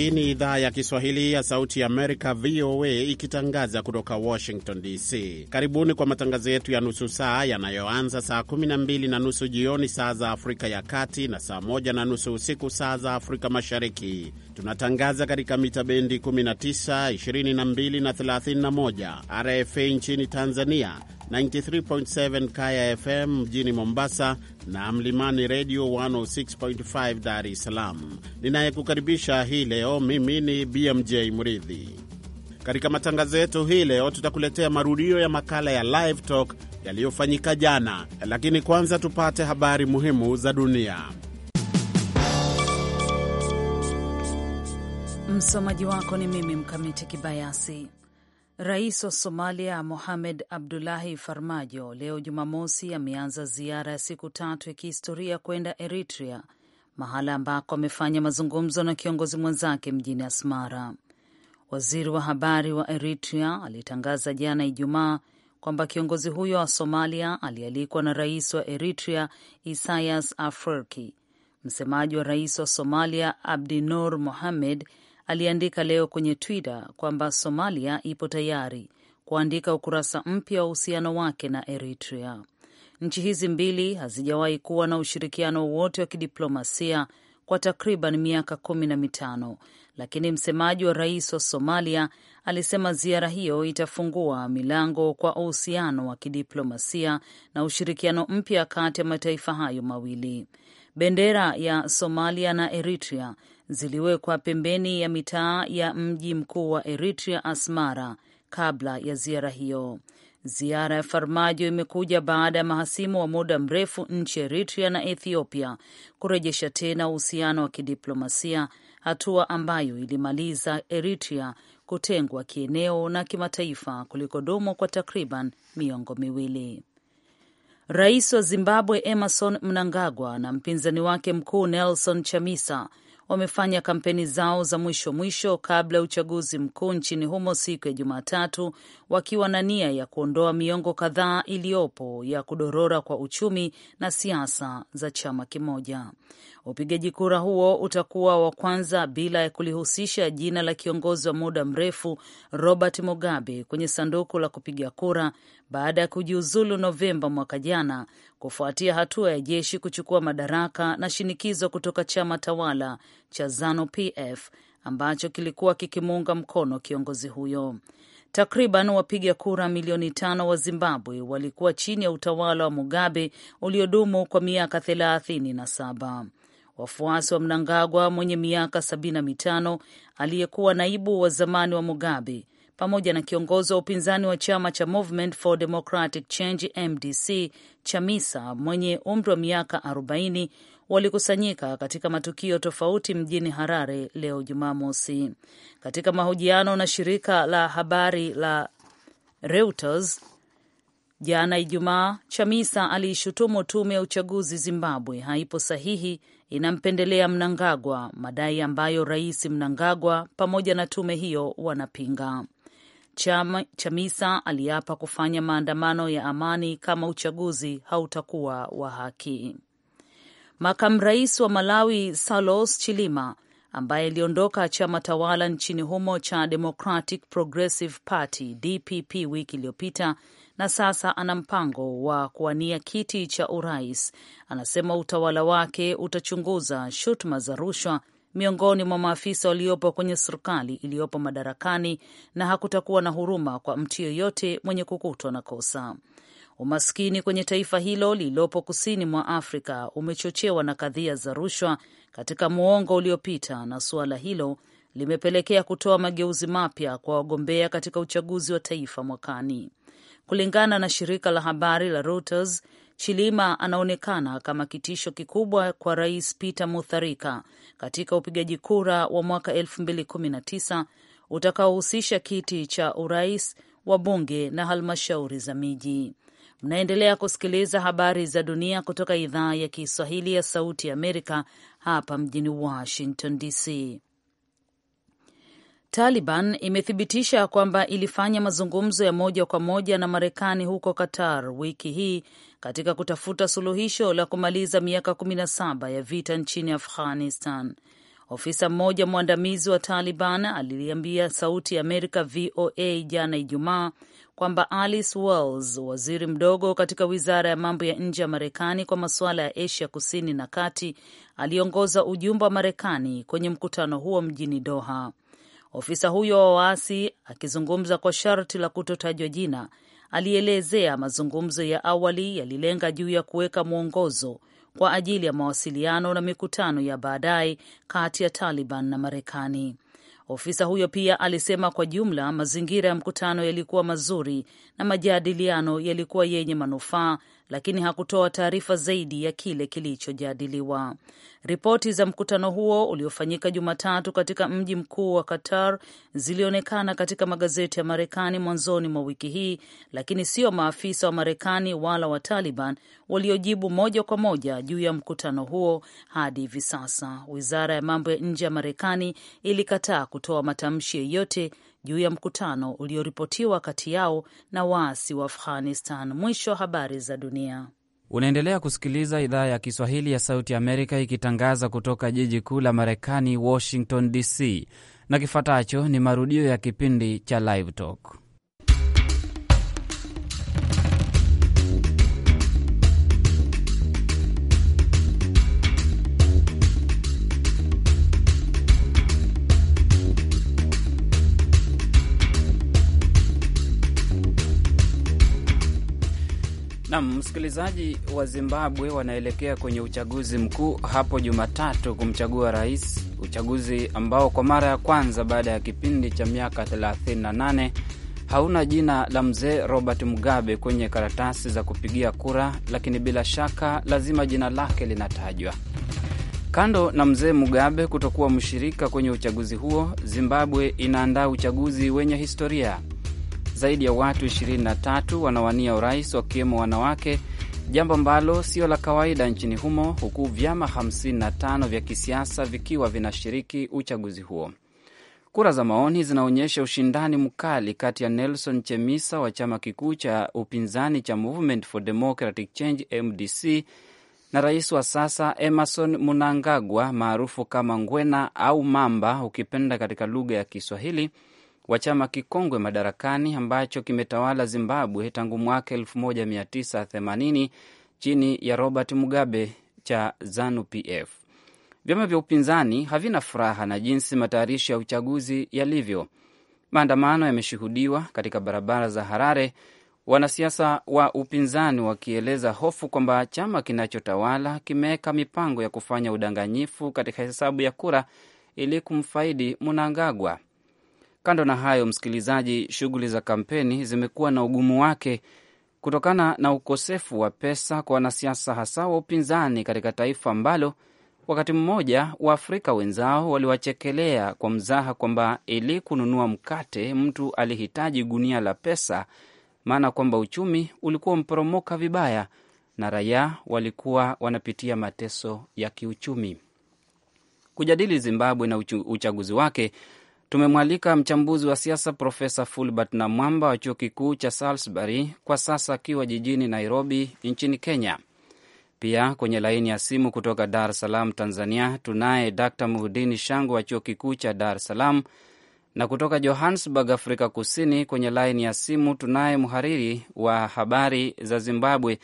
Hii ni idhaa ya Kiswahili ya Sauti ya Amerika, VOA, ikitangaza kutoka Washington DC. Karibuni kwa matangazo yetu ya nusu saa yanayoanza saa 12 na nusu jioni saa za Afrika ya Kati na saa 1 na nusu usiku saa za Afrika Mashariki. Tunatangaza katika mita bendi 19, 22 na 31, RFA nchini Tanzania 93.7 Kaya FM mjini Mombasa na Mlimani Redio 106.5 Dar es Salaam. Ninayekukaribisha hii leo mimi ni BMJ Mridhi. Katika matangazo yetu hii leo tutakuletea marudio ya makala ya Live Talk yaliyofanyika jana, lakini kwanza tupate habari muhimu za dunia. Msomaji wako ni mimi Mkamiti Kibayasi. Rais wa Somalia Mohamed Abdullahi Farmajo leo Jumamosi ameanza ziara ya siku tatu ya kihistoria kwenda Eritrea, mahala ambako amefanya mazungumzo na kiongozi mwenzake mjini Asmara. Waziri wa habari wa Eritrea alitangaza jana Ijumaa kwamba kiongozi huyo wa Somalia alialikwa na rais wa Eritrea Isaias Afwerki. Msemaji wa rais wa Somalia Abdi Nur Mohamed aliandika leo kwenye Twitter kwamba Somalia ipo tayari kuandika ukurasa mpya wa uhusiano wake na Eritrea. Nchi hizi mbili hazijawahi kuwa na ushirikiano wowote wa kidiplomasia kwa takriban miaka kumi na mitano, lakini msemaji wa rais wa Somalia alisema ziara hiyo itafungua milango kwa uhusiano wa kidiplomasia na ushirikiano mpya kati ya mataifa hayo mawili. Bendera ya Somalia na Eritrea ziliwekwa pembeni ya mitaa ya mji mkuu wa Eritrea, Asmara, kabla ya ziara hiyo. Ziara ya Farmajo imekuja baada ya mahasimu wa muda mrefu nchi ya Eritrea na Ethiopia kurejesha tena uhusiano wa kidiplomasia, hatua ambayo ilimaliza Eritrea kutengwa kieneo na kimataifa kulikodumu kwa takriban miongo miwili. Rais wa Zimbabwe Emerson Mnangagwa na mpinzani wake mkuu Nelson Chamisa wamefanya kampeni zao za mwisho mwisho kabla ya uchaguzi mkuu nchini humo siku ya Jumatatu, wakiwa na nia ya kuondoa miongo kadhaa iliyopo ya kudorora kwa uchumi na siasa za chama kimoja. Upigaji kura huo utakuwa wa kwanza bila ya kulihusisha jina la kiongozi wa muda mrefu Robert Mugabe kwenye sanduku la kupiga kura baada ya kujiuzulu Novemba mwaka jana kufuatia hatua ya jeshi kuchukua madaraka na shinikizo kutoka chama tawala cha Zanu-PF ambacho kilikuwa kikimuunga mkono kiongozi huyo. Takriban wapiga kura milioni tano wa Zimbabwe walikuwa chini ya utawala wa Mugabe uliodumu kwa miaka thelathini na saba. Wafuasi wa Mnangagwa mwenye miaka sabini na mitano aliyekuwa naibu wa zamani wa Mugabe pamoja na kiongozi wa upinzani wa chama cha Movement for Democratic Change MDC Chamisa mwenye umri wa miaka 40 walikusanyika katika matukio tofauti mjini Harare leo Jumamosi. Katika mahojiano na shirika la habari la Reuters jana Ijumaa, Chamisa aliishutumu tume ya uchaguzi Zimbabwe haipo sahihi, inampendelea Mnangagwa, madai ambayo rais Mnangagwa pamoja na tume hiyo wanapinga. Chama, Chamisa aliapa kufanya maandamano ya amani kama uchaguzi hautakuwa wa haki. Makamu rais wa Malawi Salos Chilima ambaye aliondoka chama tawala nchini humo cha Democratic Progressive Party DPP wiki iliyopita na sasa ana mpango wa kuwania kiti cha urais, anasema utawala wake utachunguza shutuma za rushwa miongoni mwa maafisa waliopo kwenye serikali iliyopo madarakani na hakutakuwa na huruma kwa mtu yoyote mwenye kukutwa na kosa. Umaskini kwenye taifa hilo lililopo kusini mwa Afrika umechochewa na kadhia za rushwa katika muongo uliopita, na suala hilo limepelekea kutoa mageuzi mapya kwa wagombea katika uchaguzi wa taifa mwakani. Kulingana na shirika la habari la Reuters, Chilima anaonekana kama kitisho kikubwa kwa Rais Peter Mutharika katika upigaji kura wa mwaka 2019 utakaohusisha kiti cha urais wa bunge na halmashauri za miji. Mnaendelea kusikiliza habari za dunia kutoka idhaa ya Kiswahili ya Sauti ya Amerika hapa mjini Washington DC. Taliban imethibitisha kwamba ilifanya mazungumzo ya moja kwa moja na Marekani huko Qatar wiki hii katika kutafuta suluhisho la kumaliza miaka 17 ya vita nchini Afghanistan. Ofisa mmoja mwandamizi wa Taliban aliliambia Sauti ya Amerika VOA jana Ijumaa kwamba Alice Wells, waziri mdogo katika wizara ya mambo ya nje ya Marekani kwa masuala ya Asia kusini na kati, aliongoza ujumbe wa Marekani kwenye mkutano huo mjini Doha. Ofisa huyo wa waasi akizungumza kwa sharti la kutotajwa jina alielezea mazungumzo ya awali yalilenga juu ya kuweka mwongozo kwa ajili ya mawasiliano na mikutano ya baadaye kati ya Taliban na Marekani. Ofisa huyo pia alisema kwa jumla mazingira ya mkutano yalikuwa mazuri na majadiliano yalikuwa yenye manufaa lakini hakutoa taarifa zaidi ya kile kilichojadiliwa. Ripoti za mkutano huo uliofanyika Jumatatu katika mji mkuu wa Qatar zilionekana katika magazeti ya Marekani mwanzoni mwa wiki hii, lakini sio maafisa wa Marekani wala wa Taliban waliojibu moja kwa moja juu ya mkutano huo hadi hivi sasa. Wizara ya mambo ya nje ya Marekani ilikataa kutoa matamshi yoyote juu ya mkutano ulioripotiwa kati yao na waasi wa Afghanistan. Mwisho wa habari za dunia. Unaendelea kusikiliza idhaa ya Kiswahili ya Sauti Amerika ikitangaza kutoka jiji kuu la Marekani, Washington DC, na kifuatacho ni marudio ya kipindi cha Live Talk. Nam msikilizaji, wa Zimbabwe wanaelekea kwenye uchaguzi mkuu hapo Jumatatu kumchagua rais, uchaguzi ambao kwa mara ya kwanza baada ya kipindi cha miaka 38 hauna jina la mzee Robert Mugabe kwenye karatasi za kupigia kura, lakini bila shaka lazima jina lake linatajwa. Kando na mzee Mugabe kutokuwa mshirika kwenye uchaguzi huo, Zimbabwe inaandaa uchaguzi wenye historia zaidi ya watu 23 wanawania urais wakiwemo wanawake, jambo ambalo sio la kawaida nchini humo, huku vyama 55 vya kisiasa vikiwa vinashiriki uchaguzi huo. Kura za maoni zinaonyesha ushindani mkali kati ya Nelson Chamisa wa chama kikuu cha upinzani cha Movement for Democratic Change MDC na rais wa sasa Emerson Mnangagwa maarufu kama Ngwena au Mamba ukipenda katika lugha ya Kiswahili wa chama kikongwe madarakani ambacho kimetawala Zimbabwe tangu mwaka 1980 chini ya Robert Mugabe cha ZANU-PF. Vyama vya upinzani havina furaha na jinsi matayarisho ya uchaguzi yalivyo. Maandamano yameshuhudiwa katika barabara za Harare, wanasiasa wa upinzani wakieleza hofu kwamba chama kinachotawala kimeweka mipango ya kufanya udanganyifu katika hesabu ya kura ili kumfaidi Mnangagwa. Kando na hayo, msikilizaji, shughuli za kampeni zimekuwa na ugumu wake kutokana na ukosefu wa pesa kwa wanasiasa, hasa wa upinzani katika taifa ambalo wakati mmoja Waafrika wenzao waliwachekelea kwa mzaha kwamba ili kununua mkate mtu alihitaji gunia la pesa, maana kwamba uchumi ulikuwa umporomoka vibaya na raia walikuwa wanapitia mateso ya kiuchumi. Kujadili Zimbabwe na uchaguzi wake Tumemwalika mchambuzi wa siasa Profesa Fulbert Namwamba wa chuo kikuu cha Salisbury, kwa sasa akiwa jijini Nairobi nchini Kenya. Pia kwenye laini ya simu kutoka Dar es Salaam, Tanzania, tunaye Dr Muhudini Shangu wa chuo kikuu cha Dar es Salaam, na kutoka Johannesburg, Afrika Kusini, kwenye laini ya simu tunaye mhariri wa habari za Zimbabwe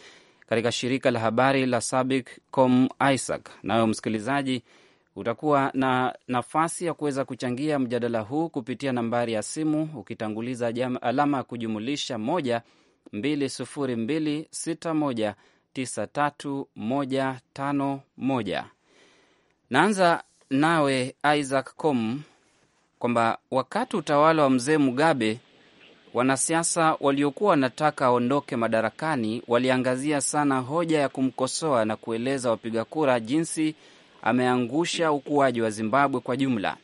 katika shirika la habari la Sabic com Isaac. Nayo msikilizaji Utakuwa na nafasi ya kuweza kuchangia mjadala huu kupitia nambari ya simu ukitanguliza jam, alama ya kujumulisha moja mbili sufuri mbili sita moja tisa tatu moja tano moja. Naanza nawe Isaac Com kwamba wakati utawala wa mzee Mugabe wanasiasa waliokuwa wanataka aondoke madarakani waliangazia sana hoja ya kumkosoa na kueleza wapiga kura jinsi ameangusha ukuaji wa Zimbabwe kwa jumla.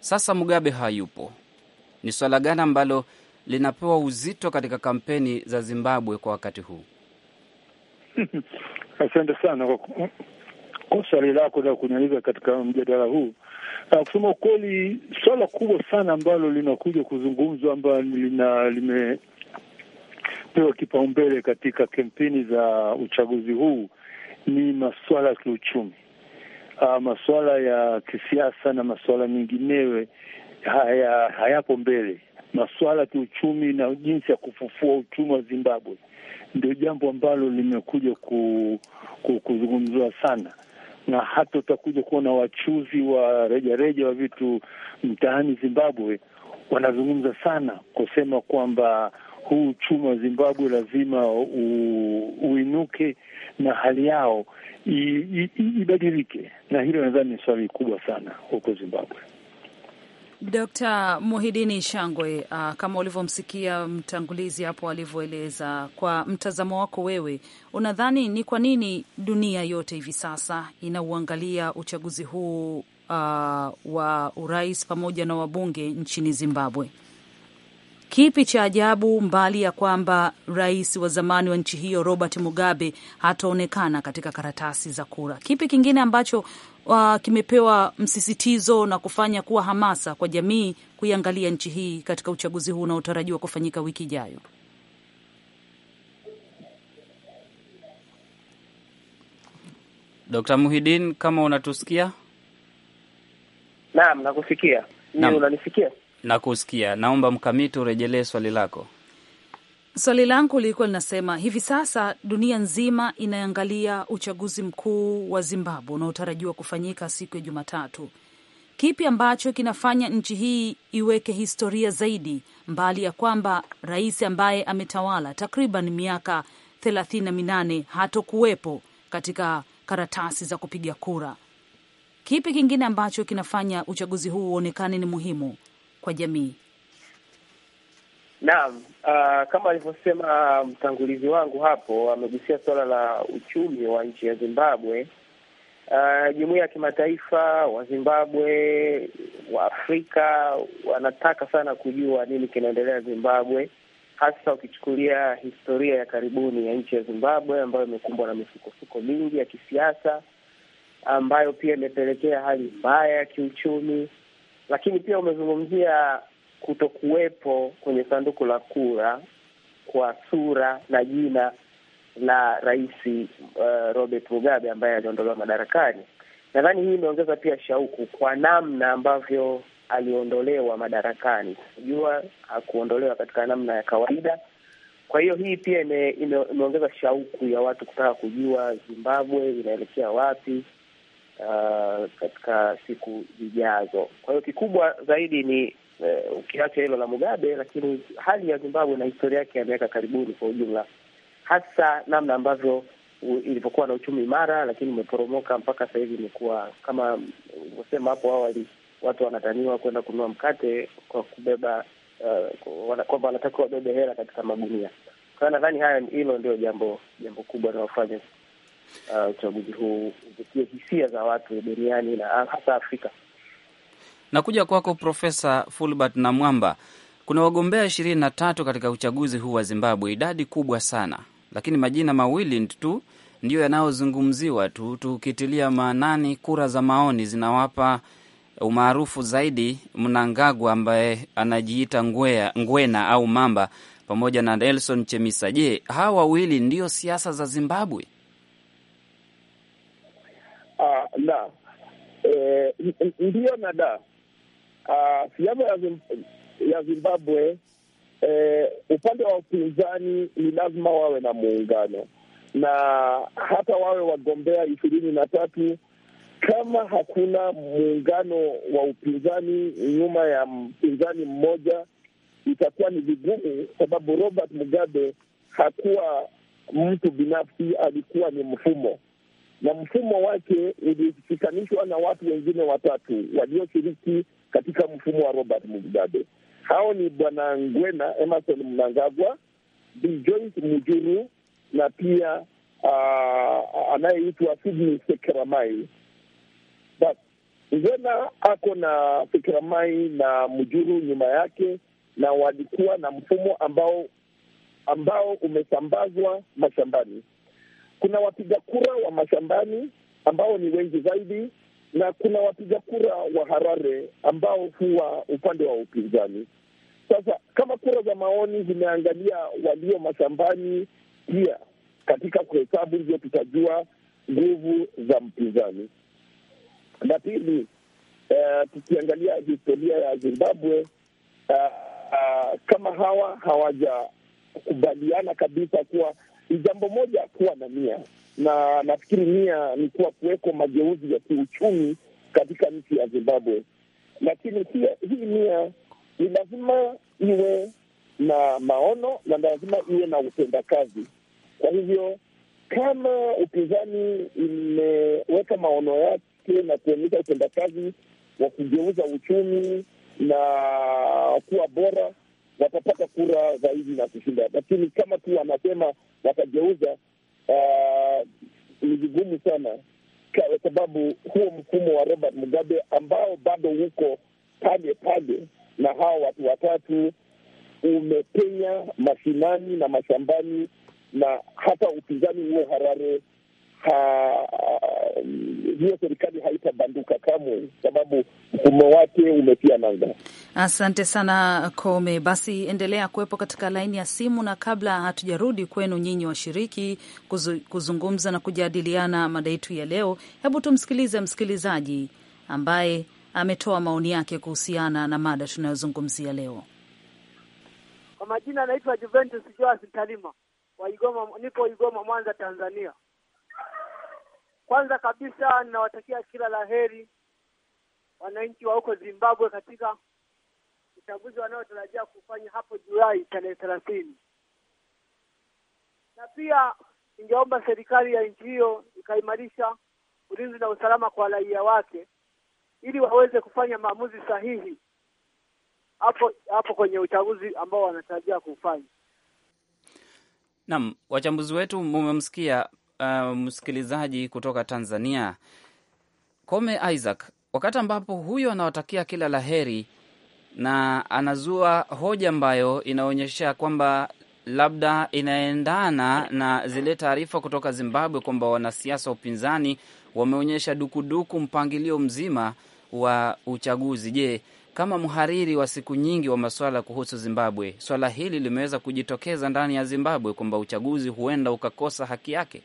Sasa Mugabe hayupo, ni swala gani ambalo linapewa uzito katika kampeni za Zimbabwe kwa wakati huu? Asante sana kwa swali lako la kuniuliza katika mjadala huu. Ah, kusema ukweli, swala kubwa sana ambalo linakuja kuzungumzwa ambalo lina limepewa kipaumbele katika kampeni za uchaguzi huu ni masuala ya kiuchumi uh, masuala ya kisiasa na masuala menginewe haya hayapo mbele. Masuala ya kiuchumi na jinsi ya kufufua uchumi wa Zimbabwe ndio jambo ambalo limekuja ku, ku, kuzungumziwa sana, na hata utakuja kuona wachuzi wa rejareja wa vitu mtaani Zimbabwe wanazungumza sana kusema kwamba huu uchumi wa Zimbabwe lazima u, uinuke na hali yao ibadilike, na hilo nadhani ni swali kubwa sana huko Zimbabwe. Dr. Muhidini Shangwe, uh, kama ulivyomsikia mtangulizi hapo alivyoeleza, kwa mtazamo wako wewe, unadhani ni kwa nini dunia yote hivi sasa inauangalia uchaguzi huu uh, wa urais pamoja na wabunge nchini Zimbabwe? Kipi cha ajabu mbali ya kwamba rais wa zamani wa nchi hiyo Robert Mugabe hataonekana katika karatasi za kura? Kipi kingine ambacho uh, kimepewa msisitizo na kufanya kuwa hamasa kwa jamii kuiangalia nchi hii katika uchaguzi huu unaotarajiwa kufanyika wiki ijayo? Dr. Muhidin, kama unatusikia? Naam, nakusikia. Ni unanisikia? na kusikia. Naomba Mkamiti urejelee swali lako. Swali langu lilikuwa linasema hivi sasa dunia nzima inaangalia uchaguzi mkuu wa Zimbabwe unaotarajiwa kufanyika siku ya Jumatatu. Kipi ambacho kinafanya nchi hii iweke historia zaidi, mbali ya kwamba rais ambaye ametawala takriban miaka thelathini na minane hatokuwepo katika karatasi za kupiga kura? Kipi kingine ambacho kinafanya uchaguzi huu uonekane ni muhimu kwa jamii? Naam, uh, kama alivyosema mtangulizi wangu hapo, amegusia suala la uchumi wa nchi ya Zimbabwe. Uh, ya kimataifa wa Zimbabwe wa Afrika wanataka sana kujua nini kinaendelea Zimbabwe, hasa ukichukulia historia ya karibuni ya nchi ya Zimbabwe ambayo imekumbwa na misukosuko mingi ya kisiasa ambayo pia imepelekea hali mbaya ya kiuchumi lakini pia umezungumzia kutokuwepo kwenye sanduku la kura kwa sura na jina la rais uh, Robert Mugabe ambaye aliondolewa madarakani. Nadhani hii imeongeza pia shauku kwa namna ambavyo aliondolewa madarakani. Unajua, hakuondolewa katika namna ya kawaida. Kwa hiyo hii pia ime, ime, imeongeza shauku ya watu kutaka kujua Zimbabwe inaelekea wapi, uh, katika siku zijazo. Kwa hiyo kikubwa zaidi ni uh, ukiacha hilo la Mugabe, lakini hali ya Zimbabwe na historia yake ya miaka karibuni kwa ujumla, hasa namna ambavyo ilivyokuwa na uchumi imara, lakini umeporomoka mpaka sasa hivi imekuwa kama ulivyosema hapo awali, watu wanataniwa kwenda kununua mkate kwa kubeba uh, wanatakiwa wabebe hela katika magunia. Kwa hiyo nadhani hilo ndio jambo jambo kubwa linalofanya uchaguzi ah, uh, huu uvutie hisia za watu duniani na hasa Afrika. Nakuja kwako Profesa Fulbert na Mwamba, kuna wagombea ishirini na tatu katika uchaguzi huu wa Zimbabwe, idadi kubwa sana, lakini majina mawili tu ndiyo yanayozungumziwa tu, tukitilia maanani kura za maoni zinawapa umaarufu zaidi Mnangagwa ambaye anajiita ngwea, ngwena au mamba pamoja na Nelson Chemisa. Je, hawa wawili ndiyo siasa za Zimbabwe? la ah, eh, ndiyo na da. Siasa ah, ya Zimbabwe, eh, upande wa upinzani ni lazima wawe na muungano, na hata wawe wagombea ishirini na tatu kama hakuna muungano wa upinzani nyuma ya mpinzani mmoja itakuwa ni vigumu, sababu Robert Mugabe hakuwa mtu binafsi, alikuwa ni mfumo na mfumo wake ulishikanishwa na watu wengine watatu walioshiriki katika mfumo wa Robert Mugabe. Hao ni bwana Ngwena Emerson Mnangagwa, Bi Joyce Mujuru na pia uh, anayeitwa Sidney Sekeramai. But Ngwena ako na Sekeramai na Mujuru nyuma yake, na walikuwa na mfumo ambao ambao umesambazwa mashambani kuna wapiga kura wa mashambani ambao ni wengi zaidi, na kuna wapiga kura wa Harare ambao huwa upande wa upinzani. Sasa kama kura za maoni zimeangalia walio mashambani, pia katika kuhesabu ndio tutajua nguvu za mpinzani. La pili, uh, tukiangalia historia ya Zimbabwe uh, uh, kama hawa hawajakubaliana kabisa kuwa ni jambo moja kuwa na nia, na nafikiri nia ni kuwa kuweko mageuzi ya kiuchumi katika nchi ya Zimbabwe, lakini pia hii nia ni lazima iwe na maono na lazima iwe na utendakazi. Kwa hivyo kama upinzani imeweka maono yake na kuonyesha utendakazi wa kugeuza uchumi na kuwa bora watapata kura zaidi na kushinda. Lakini kama tu wanasema watageuza, eh, ni vigumu sana, kwa sababu huo mfumo wa Robert Mugabe ambao bado uko pale pale na hawa watu watatu umepenya mashinani na mashambani, na hata upinzani huo harare Ah, hiyo serikali haitabanduka kamwe, sababu mfumo wake umetia nanga. Asante sana Kome, basi endelea kuwepo katika laini ya simu, na kabla hatujarudi kwenu nyinyi washiriki kuzu, kuzungumza na kujadiliana mada yetu ya leo, hebu tumsikilize msikilizaji ambaye ametoa maoni yake kuhusiana na mada tunayozungumzia leo. Kwa majina anaitwa Juventus Joas Talima wa Igoma, nipo Igoma, Mwanza, Tanzania. Kwanza kabisa ninawatakia kila la heri wananchi wa huko Zimbabwe katika uchaguzi wanaotarajia kufanya hapo Julai tarehe thelathini, na pia ningeomba serikali ya nchi hiyo ikaimarisha ulinzi na usalama kwa raia wake ili waweze kufanya maamuzi sahihi hapo hapo kwenye uchaguzi ambao wanatarajia kufanya. Naam, wachambuzi wetu mumemsikia uh, msikilizaji kutoka Tanzania, Kome Isaac, wakati ambapo huyo anawatakia kila laheri na anazua hoja ambayo inaonyesha kwamba labda inaendana na zile taarifa kutoka Zimbabwe kwamba wanasiasa wa upinzani wameonyesha dukuduku mpangilio mzima wa uchaguzi. Je, kama mhariri wa siku nyingi wa masuala kuhusu Zimbabwe, swala hili limeweza kujitokeza ndani ya Zimbabwe kwamba uchaguzi huenda ukakosa haki yake?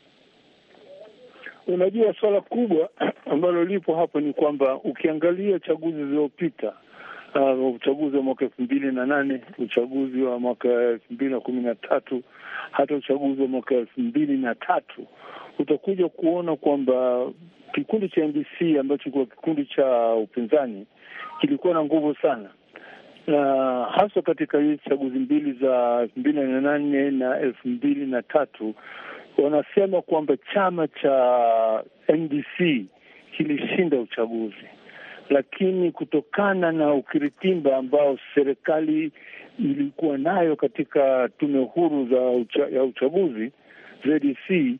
Unajua, swala kubwa ambalo lipo hapo ni kwamba ukiangalia chaguzi zilizopita, uh, uchaguzi wa mwaka elfu mbili na nane, uchaguzi wa mwaka elfu mbili na kumi na tatu, hata uchaguzi wa mwaka elfu mbili na tatu, utakuja kuona kwamba kikundi cha MBC ambacho kilikuwa kikundi cha upinzani kilikuwa na nguvu sana na haswa katika hizi chaguzi mbili za elfu mbili na nane na elfu mbili na tatu wanasema kwamba chama cha NDC kilishinda uchaguzi, lakini kutokana na ukiritimba ambao serikali ilikuwa nayo katika tume huru za ucha, ya uchaguzi zdc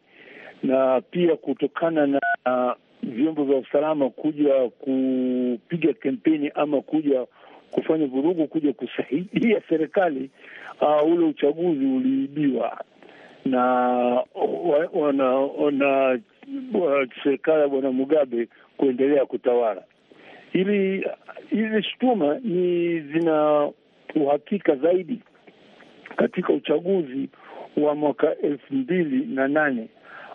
na pia kutokana na vyombo vya usalama kuja kupiga kampeni ama kuja kufanya vurugu kuja kusaidia serikali uh, ule uchaguzi uliibiwa na wana serikali ya bwana Mugabe kuendelea kutawala. Ili hizi shutuma ni zina uhakika zaidi katika uchaguzi wa mwaka elfu mbili na nane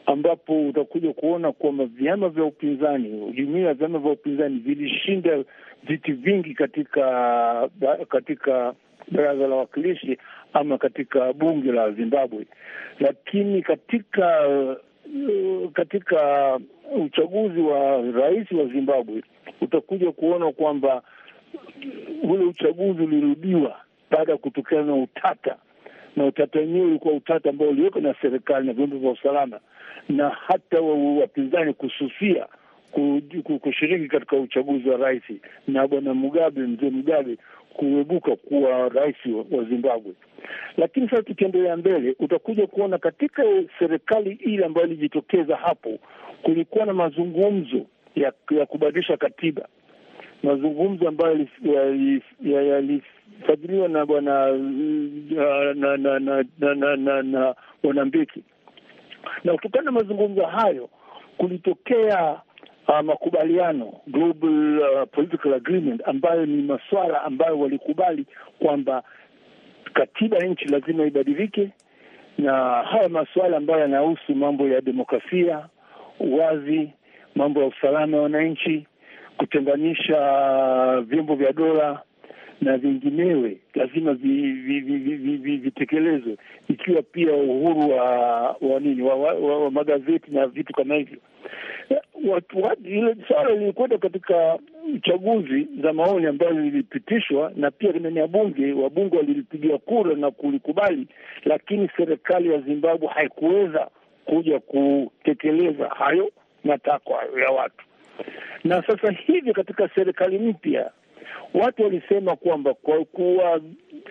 ambapo utakuja kuona kwamba vyama vya upinzani, jumuia ya vyama vya upinzani vilishinda viti vingi katika katika baraza la wakilishi ama katika bunge la Zimbabwe, lakini katika uh, katika uchaguzi wa rais wa Zimbabwe utakuja kuona kwamba ule uchaguzi ulirudiwa baada ya kutokana na utata, na utata wenyewe ulikuwa utata ambao uliwekwa na serikali na vyombo vya usalama na hata wapinzani kususia kushiriki katika uchaguzi wa rais, na bwana Mugabe, mzee Mugabe kuibuka kuwa rais wa Zimbabwe. Lakini sasa tukiendelea mbele, utakuja kuona katika serikali ile ambayo ilijitokeza hapo, kulikuwa na mazungumzo ya, ya kubadilisha katiba, mazungumzo ambayo yalifadhiliwa na bwana na na na na na na Mwanambiki, na kutokana na mazungumzo hayo kulitokea uh, makubaliano global uh, political agreement, ambayo ni masuala ambayo walikubali kwamba katiba ya nchi lazima ibadilike, na haya masuala ambayo yanahusu mambo ya demokrasia, uwazi, mambo ya usalama ya wananchi, kutenganisha uh, vyombo vya dola na vinginewe lazima vitekelezwe vi, vi, vi, vi, ikiwa pia uhuru wa wa nini wa, wa, wa, wa magazeti na vitu kama hivyo. Eh, swala lilikwenda katika uchaguzi za maoni ambayo lilipitishwa na pia ndani ya bunge, wabunge walilipigia kura na kulikubali, lakini serikali ya Zimbabwe haikuweza kuja kutekeleza hayo matakwa ya watu na sasa hivi katika serikali mpya Watu walisema kwamba kwa, kwa,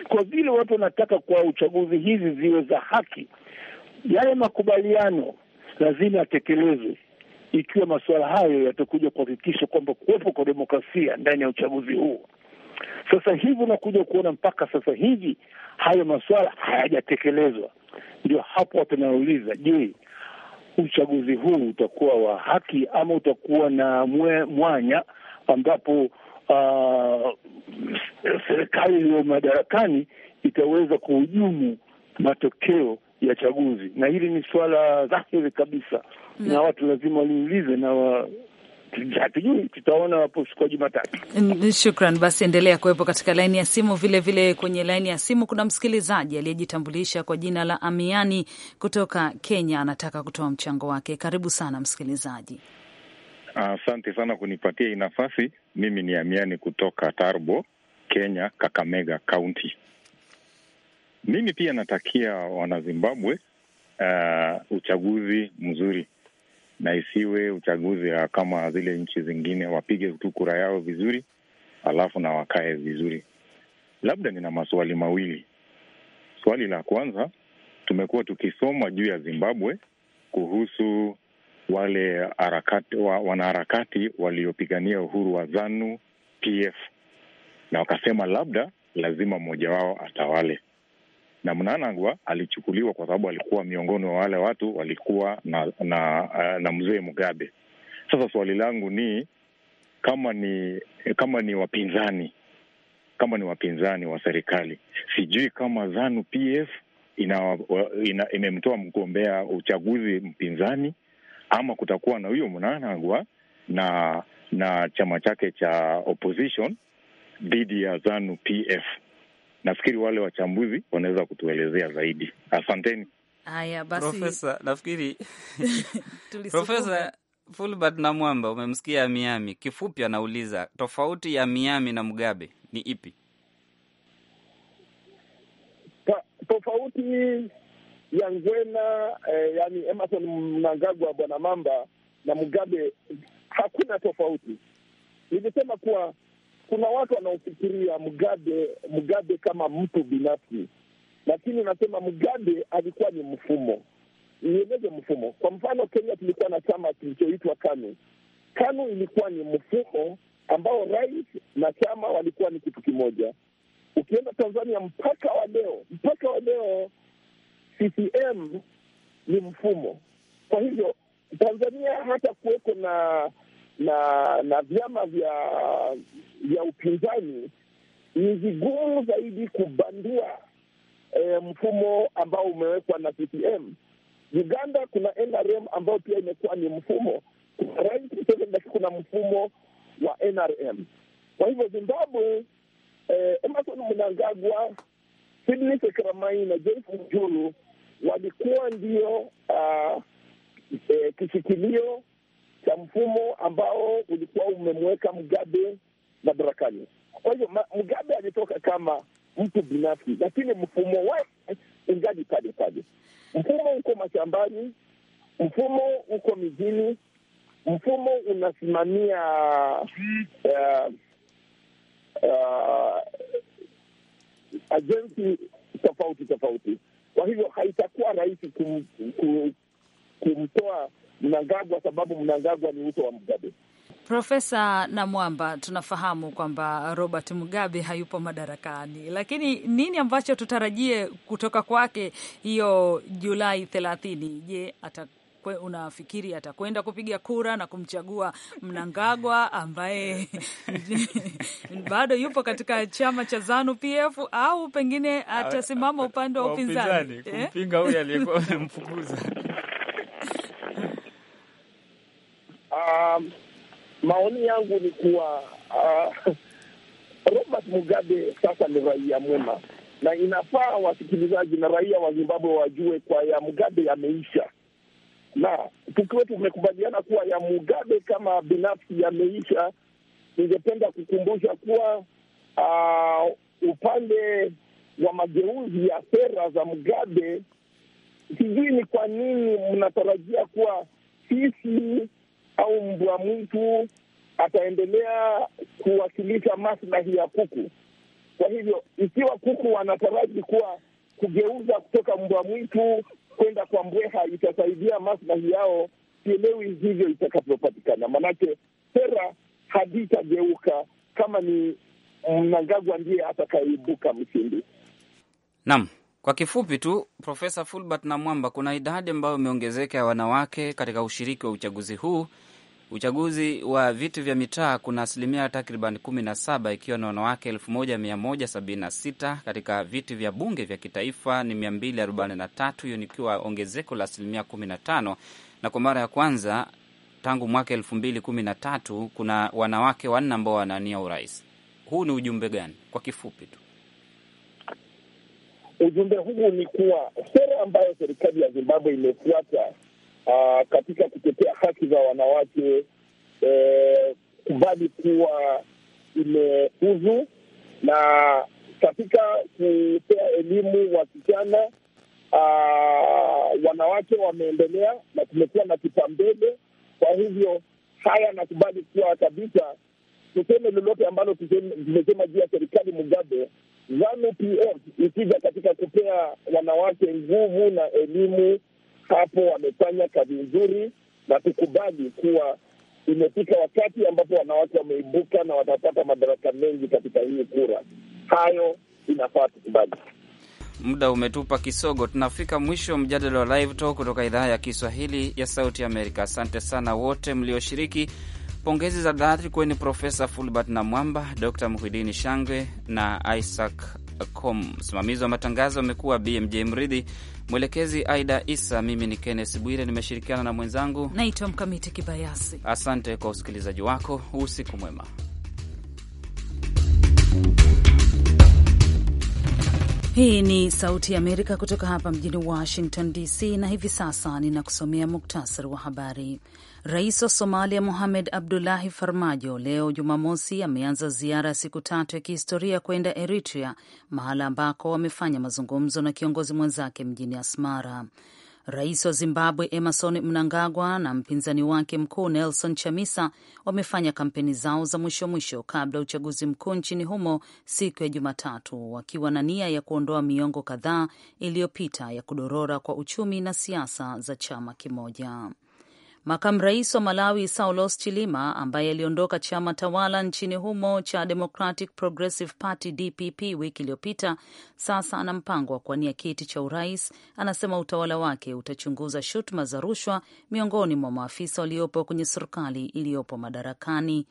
kwa vile watu wanataka kwa uchaguzi hizi ziwe za haki, yale makubaliano lazima yatekelezwe, ikiwa masuala hayo yatakuja kuhakikisha kwamba kuwepo kwa demokrasia ndani ya uchaguzi huo Sasa hivi unakuja kuona mpaka sasa hivi hayo masuala hayajatekelezwa. Ndio hapo watu wanauliza, je, uchaguzi huu utakuwa wa haki ama utakuwa na mwe, mwanya ambapo uh, serikali iliyo madarakani itaweza kuhujumu matokeo ya chaguzi, na hili ni suala dhahiri kabisa mm. na watu lazima waliulize na wa tutaona Jumatatu. Mm, shukran. Basi endelea kuwepo katika laini ya simu. vilevile vile kwenye laini ya simu kuna msikilizaji aliyejitambulisha kwa jina la Amiani kutoka Kenya, anataka kutoa mchango wake. Karibu sana msikilizaji. Asante uh, sana kunipatia hii nafasi. Mimi ni Amiani kutoka Tarbo, Kenya, Kakamega Kaunti. Mimi pia natakia Wanazimbabwe uh, uchaguzi mzuri na isiwe uchaguzi uh, kama zile nchi zingine, wapige tu kura yao vizuri, alafu na wakae vizuri. Labda nina maswali mawili. Swali la kwanza, tumekuwa tukisoma juu ya Zimbabwe kuhusu wale harakati, wa, wanaharakati waliopigania uhuru wa ZANU PF, na wakasema labda lazima mmoja wao atawale, na Mnangagwa alichukuliwa kwa sababu alikuwa miongoni wa wale watu walikuwa na na, eh, na mzee Mugabe. Sasa swali langu ni kama ni kama ni wapinzani kama ni wapinzani wa serikali, sijui kama ZANU PF ina, ina, imemtoa mgombea uchaguzi mpinzani ama kutakuwa na huyo mnanagwa na na chama chake cha opposition dhidi ya Zanu PF. Nafikiri wale wachambuzi wanaweza kutuelezea zaidi. Asanteni. Haya basi, Profesa, nafikiri Profesa Fulbert na Mwamba, umemsikia Miami. Kifupi anauliza tofauti ya Miami na Mugabe ni ipi? Ta, tofauti ya Ngwena eh, yani Emerson Mnangagwa, bwana Mamba na Mugabe hakuna tofauti. Nilisema kuwa kuna watu wanaofikiria Mugabe Mugabe kama mtu binafsi, lakini nasema Mugabe alikuwa ni mfumo. Nieleze mfumo. Kwa mfano, Kenya tulikuwa na chama kilichoitwa KANU. KANU ilikuwa ni mfumo ambao rais na chama walikuwa ni kitu kimoja. Ukienda Tanzania mpaka CCM ni mfumo. Kwa hivyo Tanzania hata kuweko na na na vyama vya vya upinzani ni vigumu zaidi kubandua eh, mfumo ambao umewekwa na CCM. Uganda kuna NRM ambayo pia imekuwa ni mfumo, kuna Rais Museveni, lakini kuna mfumo wa NRM. Kwa hivyo Zimbabwe, eh, Emerson Mnangagwa, Sidney Sekeramai na Joyce Mujuru walikuwa ndio uh, eh, kishikilio cha mfumo ambao ulikuwa umemweka Mugabe madarakani. Kwa hivyo Mugabe alitoka kama mtu binafsi, lakini mfumo wake ungali pale pale. Mfumo uko mashambani, mfumo uko mijini, mfumo unasimamia uh, eh, uh, eh, ajensi tofauti tofauti. Kwa hivyo haitakuwa rahisi kum, kum, kumtoa Mnangagwa sababu Mnangagwa ni uso wa Mugabe. Profesa Namwamba, tunafahamu kwamba Robert Mugabe hayupo madarakani, lakini nini ambacho tutarajie kutoka kwake hiyo Julai thelathini? Je, ata unafikiri atakwenda kupiga kura na kumchagua Mnangagwa ambaye bado yupo katika chama cha Zanu PF au pengine atasimama ah, upande wa upinzani eh? kumpinga huyu aliyekuwa amemfukuza? Um, maoni yangu ni kuwa uh, Robert Mugabe sasa ni raia mwema, na inafaa wasikilizaji na raia wa Zimbabwe wajue kwa ya Mugabe yameisha mkuki wetu umekubaliana kuwa ya Mugabe kama binafsi yameisha. Ningependa kukumbusha kuwa uh, upande wa mageuzi ya sera za Mugabe, sijui ni kwa nini mnatarajia kuwa sisi au mbwa mwitu ataendelea kuwakilisha maslahi ya kuku. Kwa hivyo ikiwa kuku wanataraji kuwa kugeuza kutoka mbwa mwitu kwenda kwa mbweha itasaidia maslahi yao, sielewi hivyo itakavyopatikana, maanake sera haditageuka kama ni Mnangagwa ndiye atakaibuka mshindi. Naam. Kwa kifupi tu, Profesa Fulbert na Mwamba, kuna idadi ambayo imeongezeka ya wanawake katika ushiriki wa uchaguzi huu uchaguzi wa viti vya mitaa kuna asilimia takriban 17 ikiwa na wanawake 1176. Katika viti vya bunge vya kitaifa ni 243, hiyo nikiwa ongezeko la asilimia 15, na kwa mara ya kwanza tangu mwaka 2013 kuna wanawake wanne ambao wanania urais. Huu ni ujumbe gani? Kwa kifupi tu, ujumbe huu ni kuwa sera ambayo serikali ya Zimbabwe imefuata uh, katika kutetea haki za wanawake eh, kubali kuwa imeuzu na katika kupea elimu wasichana uh, ah, wanawake wameendelea na kumekuwa na kipambele Kwa hivyo haya nakubali kuwa kabisa, tuseme lolote ambalo tumesema juu ya serikali Mugabe, ZANU PF ikija katika kupea wanawake nguvu na elimu hapo wamefanya kazi nzuri, na tukubali kuwa imefika wakati ambapo wanawake wameibuka na watapata madaraka mengi katika hii kura. Hayo inafaa tukubali. Muda umetupa kisogo, tunafika mwisho wa mjadala wa Live Talk kutoka idhaa ya Kiswahili ya Sauti Amerika. Asante sana wote mlioshiriki. Pongezi za dhati kweni Profesa Fulbert na Mwamba, Dr Muhidini Shangwe na Isaac com. Msimamizi wa matangazo amekuwa BMJ Mridhi, mwelekezi Aida Isa. Mimi ni kennes Bwire, nimeshirikiana na mwenzangu naitwa Mkamiti Kibayasi. Asante kwa usikilizaji wako, usiku mwema. Hii ni Sauti ya Amerika kutoka hapa mjini Washington DC, na hivi sasa ninakusomea muktasari wa habari. Rais wa Somalia Mohamed Abdullahi Farmajo leo Jumamosi ameanza ziara ya siku tatu ya kihistoria kwenda Eritrea, mahala ambako wamefanya mazungumzo na kiongozi mwenzake mjini Asmara. Rais wa Zimbabwe Emerson Mnangagwa na mpinzani wake mkuu Nelson Chamisa wamefanya kampeni zao za mwisho mwisho kabla ya uchaguzi mkuu nchini humo siku ya Jumatatu, wakiwa na nia ya kuondoa miongo kadhaa iliyopita ya kudorora kwa uchumi na siasa za chama kimoja. Makamu rais wa Malawi Saulos Chilima, ambaye aliondoka chama tawala nchini humo cha Democratic Progressive Party DPP wiki iliyopita, sasa ana mpango wa kuwania kiti cha urais. Anasema utawala wake utachunguza shutuma za rushwa miongoni mwa maafisa waliopo kwenye serikali iliyopo madarakani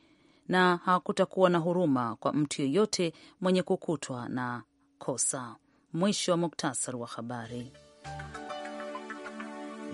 na hakutakuwa na huruma kwa mtu yeyote mwenye kukutwa na kosa. Mwisho wa muktasari wa habari.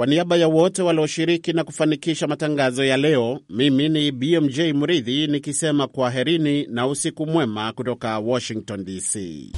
Kwa niaba ya wote walioshiriki na kufanikisha matangazo ya leo, mimi ni BMJ Mridhi nikisema kwaherini na usiku mwema kutoka Washington DC.